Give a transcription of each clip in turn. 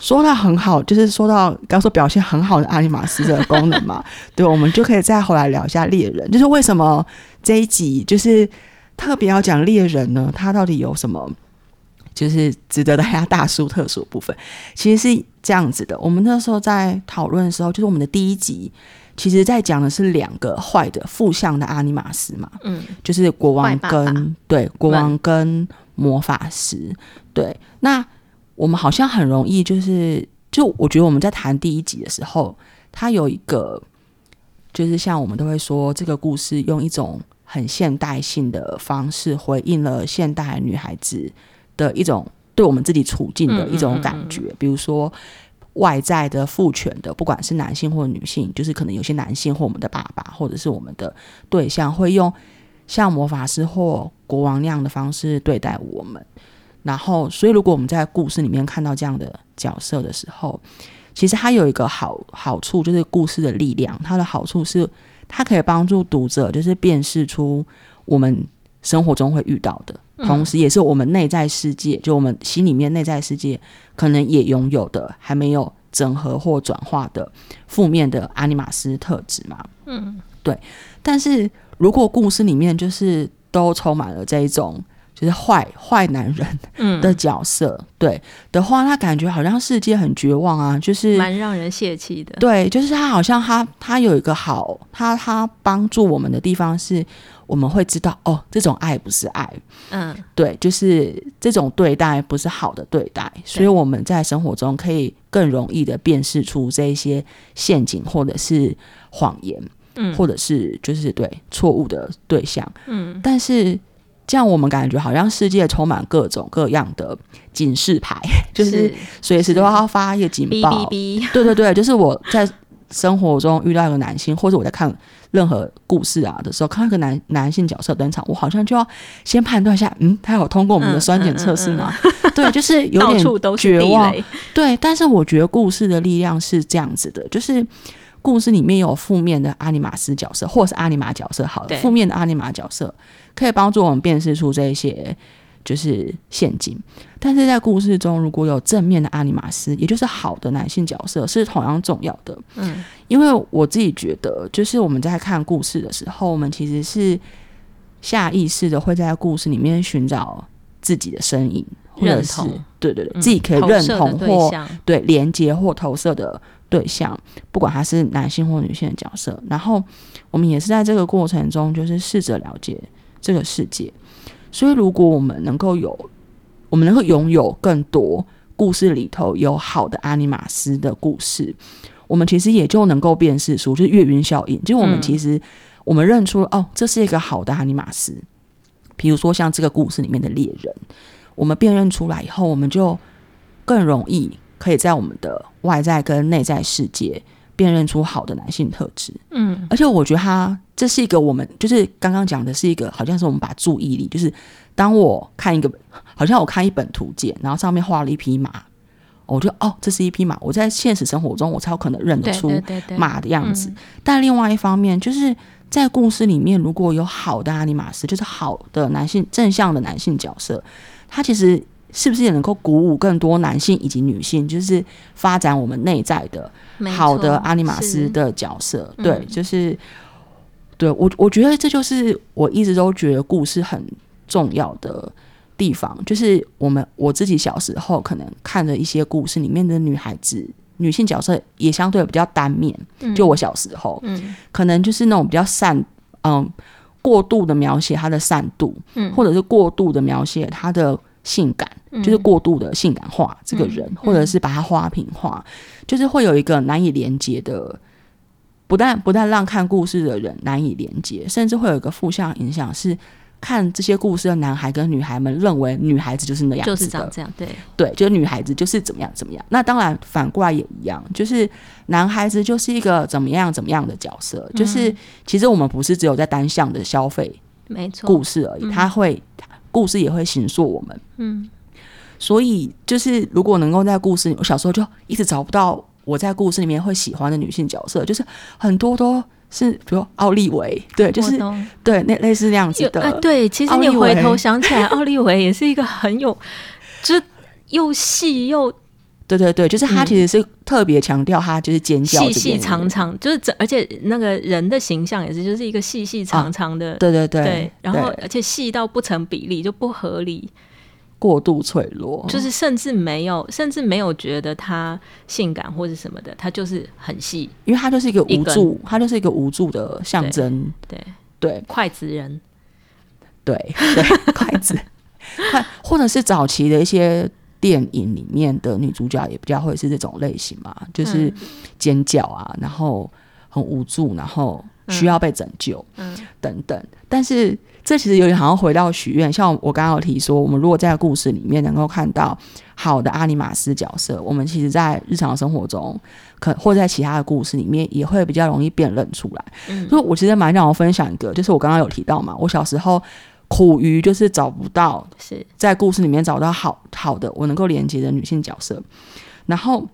說到很好，就是說到剛說表現很好的阿尼瑪斯的功能嘛， 對，我們就可以再回來聊一下獵人，就是為什麼這一集就是特別要講獵人呢？他到底有什麼就是值得大家大書特書的部分？其實是這樣子的，我們那時候在討論的時候，就是我們的第一集，其實在講的是兩個壞的負向的阿尼瑪斯嘛，嗯，就是國王跟霸霸對國王跟魔法師、嗯、對那。我們好像很容易，就是就我覺得我們在談第一集的時候，它有一個，就是像我們都會說，這個故事用一種很現代性的方式回應了現代女孩子的一種對我們自己處境的一種感覺。嗯嗯嗯。比如說，外在的父權的，不管是男性或女性，就是可能有些男性或我們的爸爸，或者是我們的對象，會用像魔法師或國王那樣的方式對待我們。然後，所以如果我們在故事裡面看到這樣的角色的時候，其實它有一個好好處，就是故事的力量。它的好處是，它可以幫助讀者就是辨識出我們生活中會遇到的，同時也是我們內在世界，嗯、就我們心裡面內在世界可能也擁有的，還沒有整合或轉化的負面的阿尼瑪斯特質嘛。嗯，對。但是如果故事裡面就是都充滿了這一種。就是壞壞男人的角色，嗯，對，的話，他感覺好像世界很絕望啊，就是蠻讓人洩氣的。對，就是他好像他他有一個好，他他幫助我們的地方是我們會知道哦，這種愛不是愛，嗯，對，就是這種對待不是好的對待。嗯，所以我們在生活中可以更容易的辨識出這些陷阱或者是謊言，嗯，或者是就是對，錯誤的對象，嗯，但是。這樣我們感覺好像世界充滿各種各樣的警示牌，就是隨時都要發一個警報 B, B, B。對對對，就是我在生活中遇到一個男性，或者我在看任何故事啊的時候，看一個男男性角色登場，我好像就要先判斷一下，嗯，他有通過我們的酸檢測試嗎、嗯嗯嗯。對，就是有點絕望。對，但是我覺得故事的力量是這樣子的，就是。故事裡面有負面的阿尼瑪斯角色，或者是阿尼瑪角色好，好的負面的阿尼瑪角色可以幫助我們辨識出這一些就是陷阱。但是在故事中，如果有正面的阿尼瑪斯，也就是好的男性角色，是同樣重要的。嗯，因為我自己覺得，就是我們在看故事的時候，我們其實是下意識的會在故事裡面尋找自己的身影，或者是認同對對對、嗯，自己可以認同或對，對連接或投射的。對象，不管他是男性或女性的角色，然後我們也是在這個過程中，就是試着了解這個世界。所以，如果我們能夠有，我們能夠擁有更多故事裡頭有好的阿尼瑪斯的故事，我們其實也就能夠辨識出，就是月暈效應，就是我們其實、嗯、我們認出哦，這是一個好的阿尼瑪斯。比如說像這個故事裡面的獵人，我們辨認出來以後，我們就更容易。可以在我們的外在跟內在世界辨認出好的男性特質，嗯，而且我覺得他這是一個我們就是剛剛講的是一個好像是我們把注意力就是當我看一個好像我看一本圖鑑，然後上面畫了一匹馬，我覺得哦，這是一匹馬。我在現實生活中我才有可能認得出馬的樣子，但另外一方面就是在故事裡面如果有好的阿尼瑪斯，就是好的男性正向的男性角色，他其實。是不是也能夠鼓舞更多男性以及女性，就是發展我們內在的好的阿尼瑪斯的角色？嗯、對，就是對我，我覺得這就是我一直都覺得故事很重要的地方。就是我們我自己小時候可能看的一些故事裡面的女孩子、女性角色也相對比較單面。嗯、就我小時候、嗯，可能就是那種比較善，嗯，過度的描寫她的善度、嗯，或者是過度的描寫她的。性感，就是過度的性感化，這個人、嗯、或者是把它花瓶化、嗯，就是會有一個難以連接的。不但不但讓看故事的人難以連接，甚至會有一個負向影響，是看這些故事的男孩跟女孩們認為女孩子就是那樣子、就是這樣對對，就是女孩子就是怎麼樣怎麼樣。那當然反過來也一樣，就是男孩子就是一個怎麼樣怎麼樣的角色。嗯、就是其實我們不是只有在單向的消費，沒錯，故事而已，他會。嗯故事也會形塑我們，嗯，所以就是如果能夠在故事裡，我小時候就一直找不到我在故事裡面會喜歡的女性角色，就是很多都是比如奧利維，對，就是對，那類似那樣子的。呃，對，其實你回頭想起來，奧利維 也是一個很有，就是又細又。對對對，就是他其實是特別強調他就是尖叫、嗯，細細長長，就是整而且那個人的形象也是就是一個細細長長的，啊、對對對，對然後而且細到不成比例就不合理，過度脆弱，就是甚至沒有甚至沒有覺得他性感或者什麼的，他就是很細，因為他就是一個無助，他就是一個無助的象徵，對對，對，筷子人，對對， 筷子，或者是早期的一些。電影裡面的女主角也比較會是這種類型嘛，就是尖叫啊，然後很無助，然後需要被拯救，嗯、等等。但是這其實有點好像回到許願，像我剛剛有提說，我們如果在故事裡面能夠看到好的阿尼瑪斯角色，我們其實在日常生活中可或在其他的故事裡面也會比較容易辨認出來、嗯。所以我其實蠻想分享一個，就是我剛剛有提到嘛，我小時候。苦於就是找不到是，在故事裡面找到好好的我能夠連接的女性角色。然後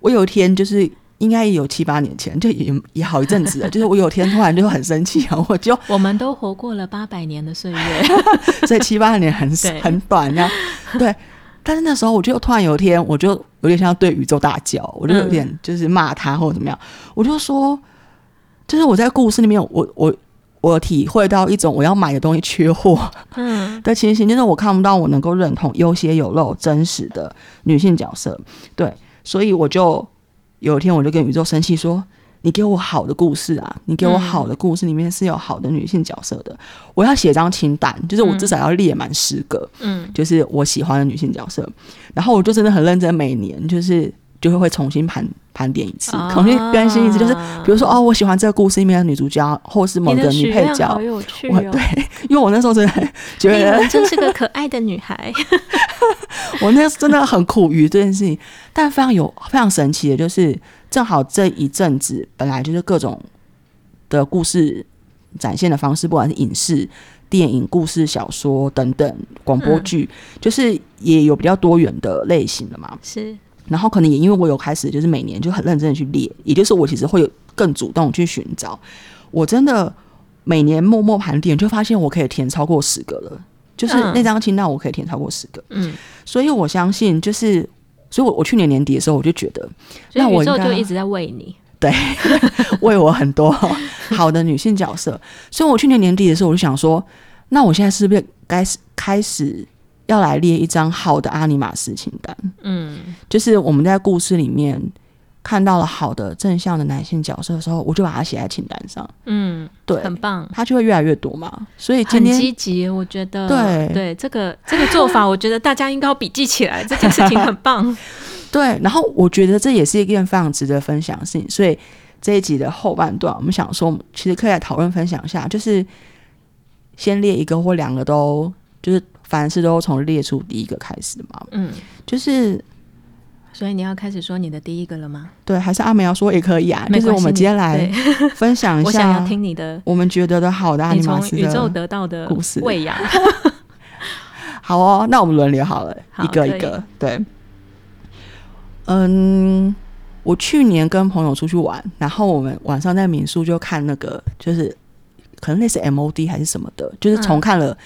我有一天就是應該也有七八年前，就也也好一陣子了。 就是我有一天突然就很生氣啊，我就我們都活過了八百年的歲月， 所以七八年很很短，這樣對。但是那時候我就突然有一天，我就有點像對宇宙大叫，我就有點就是罵他或者怎麼樣、嗯，我就說，就是我在故事裡面有我我。我我體會到一種我要買的東西缺貨，嗯，但其實現在，就是我看不到我能夠認同有血有肉真實的女性角色，對，所以我就有一天我就跟宇宙生氣說：“你給我好的故事啊，你給我好的故事裡面是有好的女性角色的，嗯、我要寫張清單，就是我至少要列滿十個，嗯，就是我喜歡的女性角色，然後我就真的很認真，每年就是。”就會會重新盤盤點一次，重新更新一次，啊。就是比如說，哦，我喜歡這個故事裡面的女主角，或是某個女配角。哦、我覺得對，因為我那時候真的覺得，欸、真是個可愛的女孩。 我那時真的很苦於這件事情， 但非常有非常神奇的，就是正好這一陣子，本來就是各種的故事展現的方式，不管是影視、電影、故事、小說等等，廣播劇、嗯，就是也有比較多元的類型的嘛。是。然後可能也因為我有開始，就是每年就很認真的去列，也就是我其實會有更主動去尋找。我真的每年默默盤點，就發現我可以填超過十個了。嗯、就是那張清單我可以填超過十個。嗯，所以我相信，就是，所以我我去年年底的時候，我就覺得，嗯、那我所以就一直在餵你，對，餵 我很多好的女性角色。所以，我去年年底的時候，我就想說，那我現在是不是該開始？要來列一張好的阿尼瑪斯清單，嗯，就是我們在故事裡面看到了好的正向的男性角色的時候，我就把它寫在清單上，嗯，對，很棒，它就會越來越多嘛。所以今天很積極，我覺得，對對，這個這個做法，我覺得大家應該要筆記起來， 這件事情很棒。 對，然後我覺得這也是一件非常值得分享的事情，所以這一集的後半段，我們想說，其實可以來討論分享一下，就是先列一個或兩個都，就是。凡事都從列出第一個開始的嘛。嗯，就是，所以你要開始說你的第一個了嗎？對，還是阿梅要說也可以啊，沒就是我們今天來分享一下，我想要聽你的，我們覺得的好的,阿尼瑪斯，你從宇宙得到的故事喂養。 好哦，那我們輪流好了好，一個一個。對，嗯，我去年跟朋友出去玩，然後我們晚上在民宿就看那個，就是可能類似 MOD 還是什麼的，就是重看了。嗯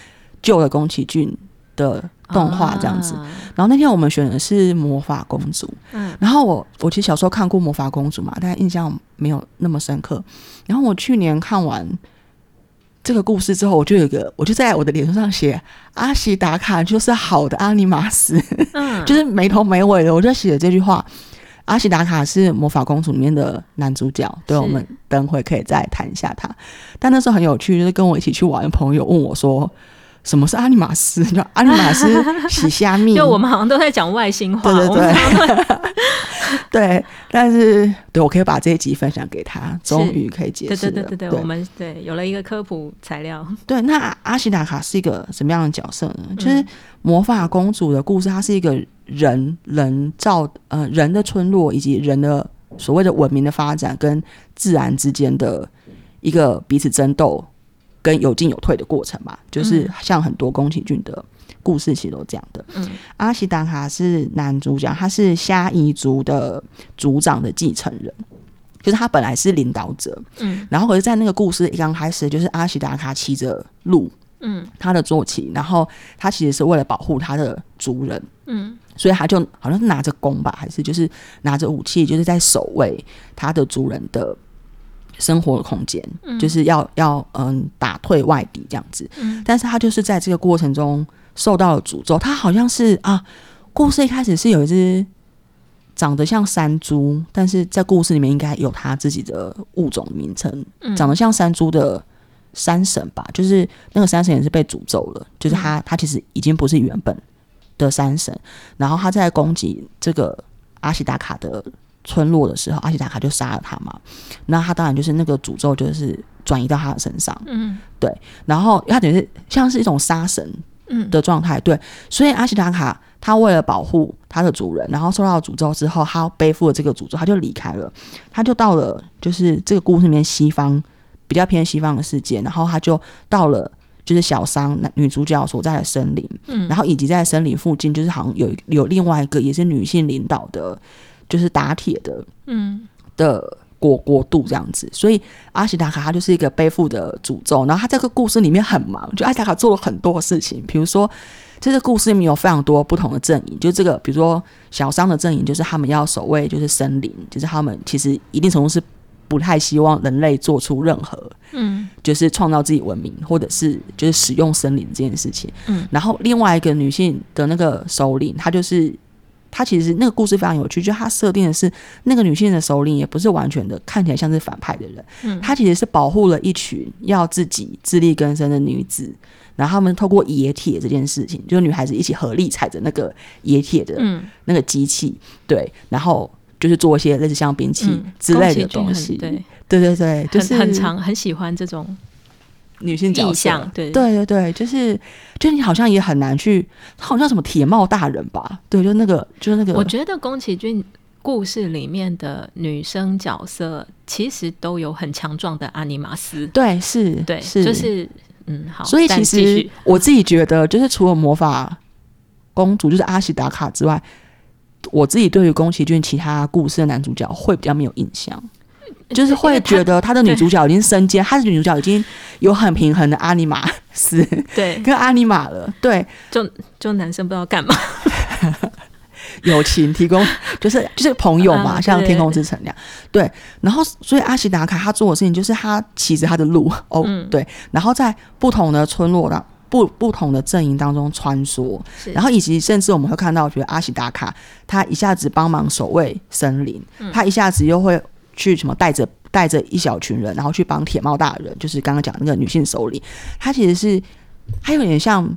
舊的宮崎駿的動畫這樣子，然後那天我們選的是《魔法公主》，嗯，然後我我其實小時候看過《魔法公主》嘛，但印象沒有那麼深刻。然後我去年看完這個故事之後，我就有一個，我就在我的臉書上寫：“阿、嗯啊、西打卡就是好的阿尼瑪斯”， 就是沒頭沒尾的，我就寫了這句話。阿、啊、西打卡是《魔法公主》裡面的男主角，對，我們等會可以再談一下他。但那時候很有趣，就是跟我一起去玩的朋友問我說。什麼是阿尼瑪斯？你說阿尼瑪斯洗蝦米？就我們好像都在講外星話。對對對。 對，但是對，我可以把這一集分享給他，終於可以解釋。對對，對，對，對，對，我們對有了一個科普材料。對，那阿西達卡是一個什麼樣的角色呢？就是魔法公主的故事，它是一個人、嗯、人造呃人的村落，以及人的所謂的文明的發展跟自然之間的一個彼此爭鬥跟有進有退的過程嘛，就是像很多宮崎駿的故事其實都這樣的，嗯。阿西達卡是男主角，他是蝦夷族的族長的繼承人，就是他本來是領導者。嗯，然後而在那個故事一剛開始，就是阿西達卡騎着鹿，嗯，他的坐騎，然後他其實是為了保護他的族人，嗯，所以他就好像是拿着弓吧，還是就是拿着武器，就是在守衛他的族人的。生活的空間，就是要要嗯打退外敵這樣子，但是他就是在這個過程中受到了詛咒。他好像是啊，故事一開始是有一隻長得像山豬，但是在故事裡面應該有他自己的物種的名稱，長得像山豬的山神吧，就是那個山神也是被詛咒了，就是他他其實已經不是原本的山神，然後他在攻擊這個阿西達卡的。村落的時候，阿西達卡就殺了他嘛。那他當然就是那個詛咒，就是轉移到他的身上。嗯，對。然後他等於像是一種殺神的嗯的狀態，對。所以阿西達卡他為了保護他的主人，然後受到詛咒之後，他背負了這個詛咒，他就離開了。他就到了，就是這個故事裡面西方比較偏西方的世界，然後他就到了，就是小桑女女主角所在的森林。嗯，然後以及在森林附近，就是好像有有另外一個也是女性領導的。就是打鐵的，嗯的國國度這樣子，嗯、所以阿西達卡他就是一個背負的詛咒。然後他這個故事裡面很忙，就阿西達卡做了很多事情。比如說，這個故事裡面有非常多不同的陣營，就這個，比如說小商的陣營，就是他們要守衛就是森林，就是他們其實一定程度是不太希望人類做出任何，嗯，就是創造自己文明，嗯，或者是就是使用森林這件事情。嗯，然後另外一個女性的那個首領，她就是。他其實那個故事非常有趣，就他設定的是那個女性的首領也不是完全的看起來像是反派的人，嗯，他其實是保護了一群要自己自力更生的女子，然後他們透過冶鐵這件事情，就是女孩子一起合力踩着那個冶鐵的那個機器，嗯，對，然後就是做一些類似像兵器之類的東西，嗯，對，對對對，很就是很常很喜歡這種。女性角色，象對，對對對就是，就是你好像也很難去，好像什麼鐵帽大人吧？對，就那個，就那個。我覺得宮崎駿故事裡面的女生角色其實都有很強壯的阿尼瑪斯。對，是，對，就是，就是，嗯，好。所以其實我自己覺得，就是除了魔法公主，就是阿西達卡之外，我自己對於宮崎駿其他故事的男主角會比較沒有印象。就是會覺得他的女主角已經身兼，他，他的女主角已經有很平衡的阿尼瑪斯，對，跟阿尼瑪了，對，就就男生不知道幹嘛，友 情提供就是就是朋友嘛、啊對對對，像天空之城那樣，對，然後所以阿席達卡他做的事情就是他騎着他的鹿、嗯、哦，對，然後在不同的村落的不不同的陣營當中穿梭，然後以及甚至我們會看到，覺得阿席達卡他一下子幫忙守衛森林，嗯、他一下子又會。去什麼帶着帶着一小群人，然後去幫鐵帽大人，就是剛剛講的那個女性首領，她其實是她有點像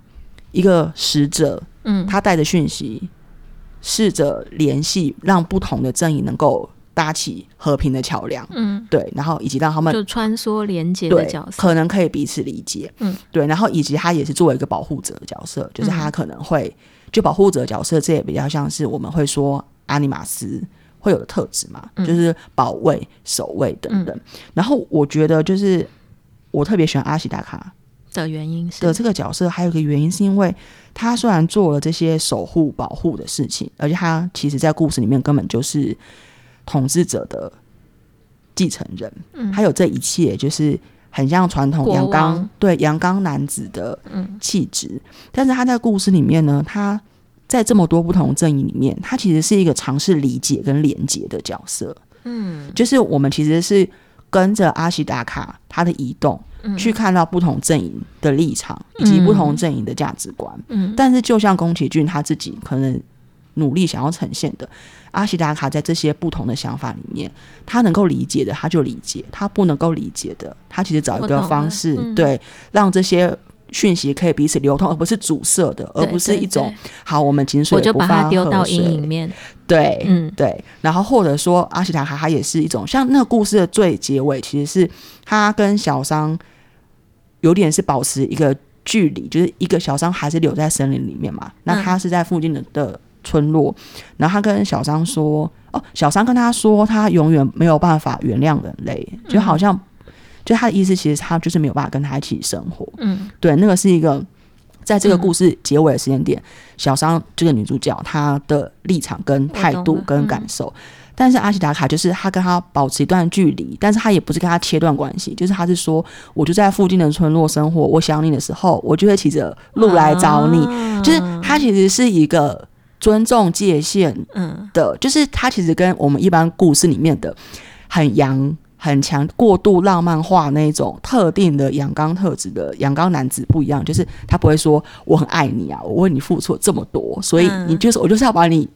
一個使者，嗯，她帶着訊息，試着聯繫，讓不同的陣營能夠搭起和平的橋樑，嗯，對，然後以及讓他們就穿梭連接的角色，可能可以彼此理解，嗯，對，然後以及她也是作為一個保護者的角色，就是她可能會、嗯、就保護者的角色，這也比較像是我們會說阿尼瑪斯。會有的特質嘛、嗯，就是保衛、守衛等等、嗯。然後我覺得，就是我特別喜歡阿席達卡的原因是的這個角色，還有一個原因是因為他雖然做了這些守護、保護的事情，而且他其實在故事裡面根本就是統治者的繼承人，還、嗯、有這一切就是很像傳統陽剛對陽剛男子的氣質、嗯。但是他在故事裡面呢，他。在這麼多不同陣營裡面，他其實是一個嘗試理解跟連接的角色。嗯，就是我們其實是跟着阿西達卡他的移動，嗯，去看到不同陣營的立場以及不同陣營的價值觀。嗯，但是就像宮崎駿他自己可能努力想要呈現的，嗯，阿西達卡在這些不同的想法裡面，他能夠理解的，他就理解；他不能夠理解的，他其實找一個方式，嗯，對，讓這些。訊息可以彼此流通，而不是阻塞的，對對對，而不是一種好。我們井水不犯河水。我就把它丟到陰影面。對，嗯，對。然後或者說，阿席達卡哈哈也是一種像那個故事的最結尾，其實是他跟小桑有點是保持一個距離，就是一個小桑還是留在森林裡面嘛。嗯、那他是在附近的的村落，然後他跟小桑說、嗯：“哦，小桑跟他說，他永遠沒有辦法原諒人類、嗯，就好像。”就他的意思，其實他就是沒有辦法跟他一起生活。嗯，對，那個是一個，在這個故事結尾的時間點，嗯、小商這個、就是、女主角她的立場跟態度跟感受，嗯、但是阿西達卡就是他跟他保持一段距離，但是他也不是跟他切斷關係，就是他是說，我就在附近的村落生活，我想你的時候，我就會騎着鹿來找你。啊、就是他其實是一個尊重界限的，嗯、就是他其實跟我們一般故事裡面的很陽。很強、過度浪漫化那種特定的陽剛特質的陽剛男子不一樣，就是他不會說我很愛你啊，我為你付出了這麼多，所以你就是、嗯、我就是要把你。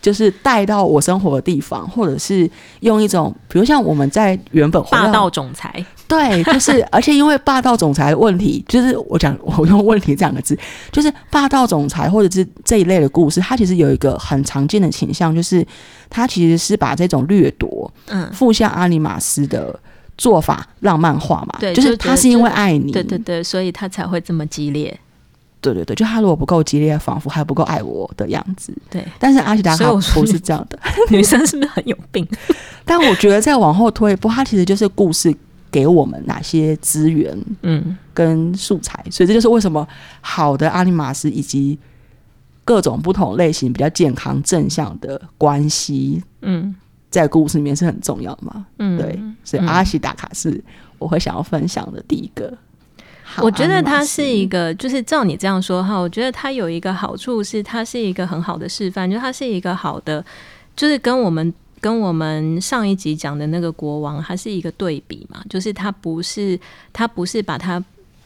就是帶到我生活的地方，或者是用一種，比如像我們在原本到霸道總裁，對，就是 而且因為霸道總裁的問題，就是我講我用問題這兩個字，就是霸道總裁或者是這一類的故事，它其實有一個很常見的傾向，就是它其實是把這種掠奪，嗯，負向阿尼瑪斯的做法浪漫化嘛，對，就是他是因為愛你，對對對，所以他才會這麼激烈。對對對，就他如果不夠激烈，仿佛還不夠愛我的樣子。對，但是阿西達卡不是這樣的。 女生是不是很有病？ 但我覺得再往後推，不，他其實就是故事給我們哪些資源，嗯，跟素材、嗯。所以這就是為什麼好的阿尼瑪斯以及各種不同類型比較健康正向的關係，嗯，在故事裡面是很重要的嘛。嗯，對，所以阿西達卡是我會想要分享的第一個。我覺得他是一個，就是照你這樣說哈，我覺得他有一個好處是，他是一個很好的示範，就是他是一個好的，就是跟我們跟我們上一集講的那個國王，他是一個對比嘛，就是他不是他不是把他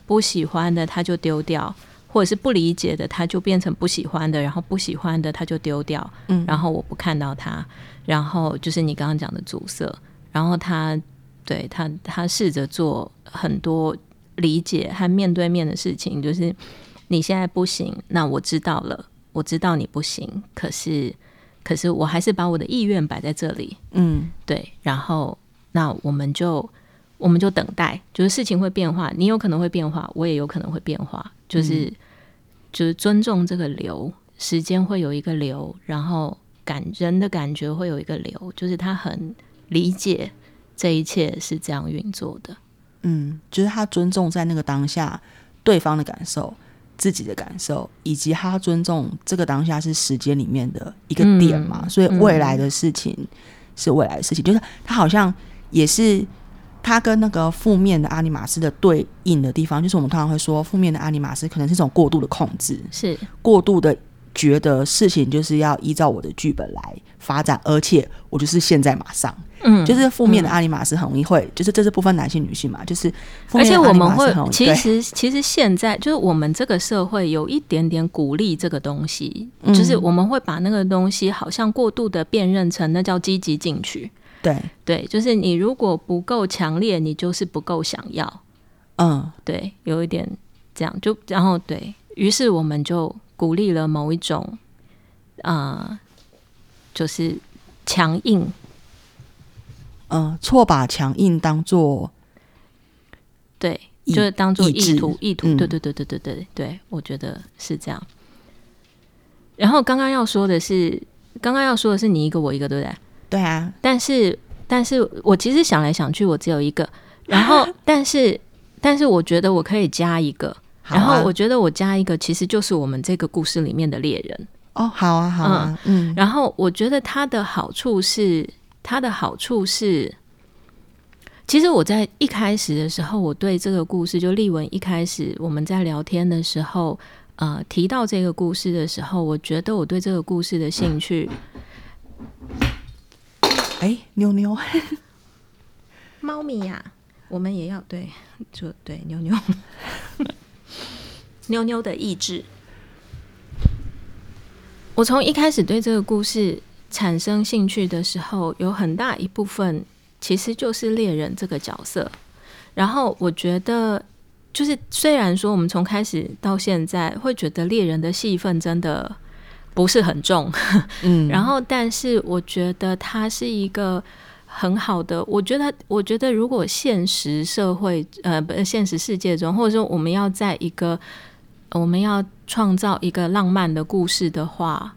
不喜歡的他就丟掉，或者是不理解的他就變成不喜歡的，然後不喜歡的他就丟掉，嗯，然後我不看到他，然後就是你剛剛講的阻塞，然後他對他他試着做很多。理解和面對面的事情，就是你現在不行，那我知道了，我知道你不行。可是，可是我還是把我的意願擺在這裡。嗯，對。然後，那我們就我們就等待，就是事情會變化，你有可能會變化，我也有可能會變化。就是、嗯、就是尊重這個流，時間會有一個流，然後感人的感覺會有一個流，就是他很理解這一切是這樣運作的。嗯，就是他尊重在那個當下對方的感受、自己的感受，以及他尊重這個當下是時間裡面的一個點嘛、嗯。所以未來的事情是未來的事情，嗯、就是他好像也是他跟那個負面的阿尼瑪斯的對應的地方，就是我們通常會說負面的阿尼瑪斯可能是一種過度的控制，是過度的，覺得事情就是要依照我的劇本來發展，而且我就是現在馬上，嗯，就是負面的阿尼瑪斯很容易會，嗯、就是這是不分男性女性嘛，就是負面的阿尼瑪斯很容易，而且我們會，其實其實現在就是我們這個社會有一點點鼓勵這個東西，嗯，就是我們會把那個東西好像過度的辨認成那叫積極進取，對對，就是你如果不夠強烈，你就是不夠想要，嗯，對，有一點這樣，就然後對，於是我們就。鼓勵了某一種，啊、呃，就是強硬，呃，錯把強硬當做，對，就是當做意圖意，意圖，對對對對對對對，嗯、對，我覺得是這樣。然後剛剛要說的是，剛剛要說的是你一個我一個，對不對？對啊，但是但是我其實想來想去，我只有一個，然後但是 但是我覺得我可以加一個。然後我覺得我加一個其實就是我們這個故事裡面的獵人哦、啊嗯，好啊，好啊，嗯，然後我覺得它的好處是，它的好處是，其實我在一開始的時候，我對這個故事就俐文一開始我們在聊天的時候，呃，提到這個故事的時候，我覺得我對這個故事的興趣，哎、嗯欸，妞妞 ，貓咪呀、啊，我們也要對，就對，妞妞。妞妞的意志。我從一開始對這個故事產生興趣的時候，有很大一部分其實就是獵人這個角色。然後我覺得，就是雖然說我們從開始到現在會覺得獵人的戲份真的不是很重，嗯， 然後但是我覺得他是一個很好的，我覺得我覺得如果現實社會呃，不現實世界中，或者說我們要在一個我們要創造一個浪漫的故事的話，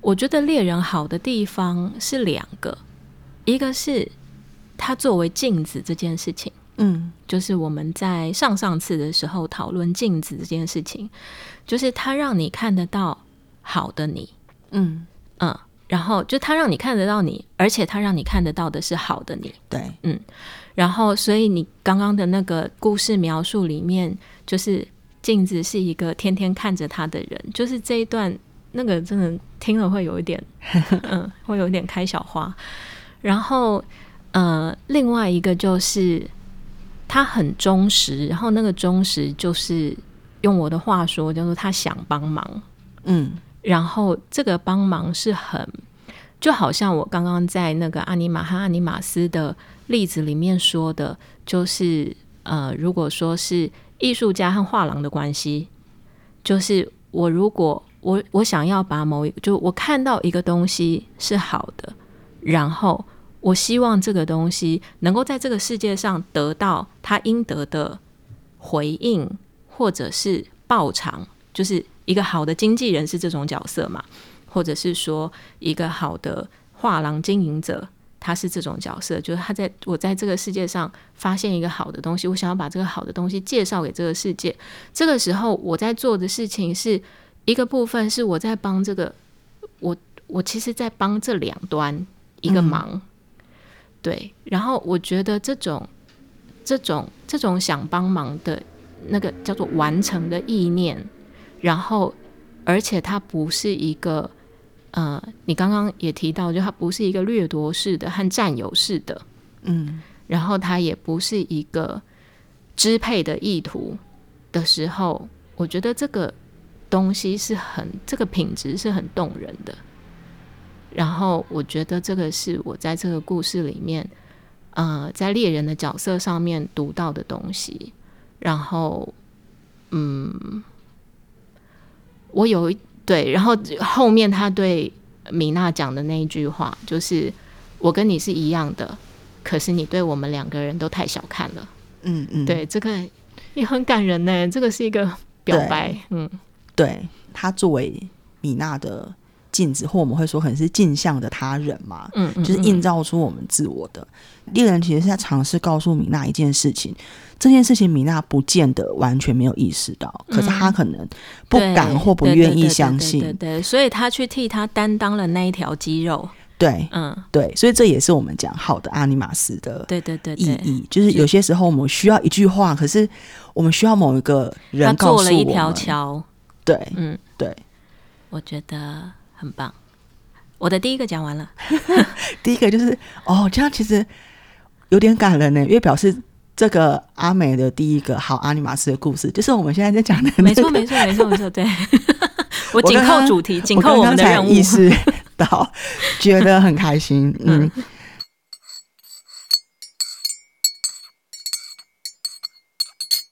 我覺得獵人好的地方是兩個，一個是它作為鏡子這件事情，嗯，就是我們在上上次的時候討論鏡子這件事情，就是它讓你看得到好的你，嗯嗯，然後就它讓你看得到你，而且它讓你看得到的是好的你，對，嗯，然後所以你剛剛的那個故事描述裡面就是。鏡子是一個天天看着他的人，就是這一段那個真的聽了會有一點， 嗯，會有一點開小花。然後，呃，另外一個就是他很忠實，然後那個忠實就是用我的話說就是他想幫忙，嗯，然後這個幫忙是很就好像我剛剛在那個阿尼瑪和阿尼瑪斯的例子裡面說的，就是呃，如果說是。藝術家和畫廊的關係，就是我如果我我想要把某一個，就我看到一個東西是好的，然後我希望這個東西能夠在這個世界上得到他應得的回應或者是報償，就是一個好的經紀人是這種角色嘛，或者是說一個好的畫廊經營者。他是這種角色，就是他在我在這個世界上發現一個好的東西，我想要把這個好的東西介紹給這個世界。這個時候我在做的事情是一個部分，是我在幫這個我我其實在幫這兩端一個忙、嗯，對。然後我覺得這種這種這種想幫忙的那個叫做完成的意念，然後而且它不是一個。嗯、呃，你剛剛也提到，就它不是一個掠奪式的和佔有式的，嗯，然後它也不是一個支配的意圖的時候，我覺得這個東西是很，這個品質是很動人的。然後我覺得這個是我在這個故事裡面，呃，在獵人的角色上面讀到的東西。然後，嗯，我有一。對，然後後面他對米娜講的那一句話就是：“我跟你是一樣的，可是你對我們兩個人都太小看了。”嗯嗯嗯，對，這個也很感人呢。這個是一個表白，對嗯，對他作為米娜的。鏡子，或我們會說，可能是鏡像的他人嘛，嗯，嗯，嗯，就是映照出我們自我的獵、嗯嗯、人，其實是在嘗試告訴米娜一件事情，這件事情米娜不見得完全沒有意識到，嗯、可是她可能不敢或不願意相信，對，對，對，對，對，對，所以他去替他擔當了那一條肌肉，對，嗯，對，所以這也是我們講好的阿尼瑪斯的，對對對，對，意義就是有些時候我們需要一句話，是可是我們需要某一個人，他做了一條橋，對，嗯，對，我覺得。很棒，我的第一個講完了。 第一個就是哦，這樣其實有點感人呢，因為表示這個阿美的第一個好阿尼瑪斯的故事，就是我們現在在講的、這個 沒。沒錯，沒錯，沒錯，沒錯。對， 我緊扣主題，緊 扣，扣我們的任務，我剛剛才意識到覺得很開心。 嗯。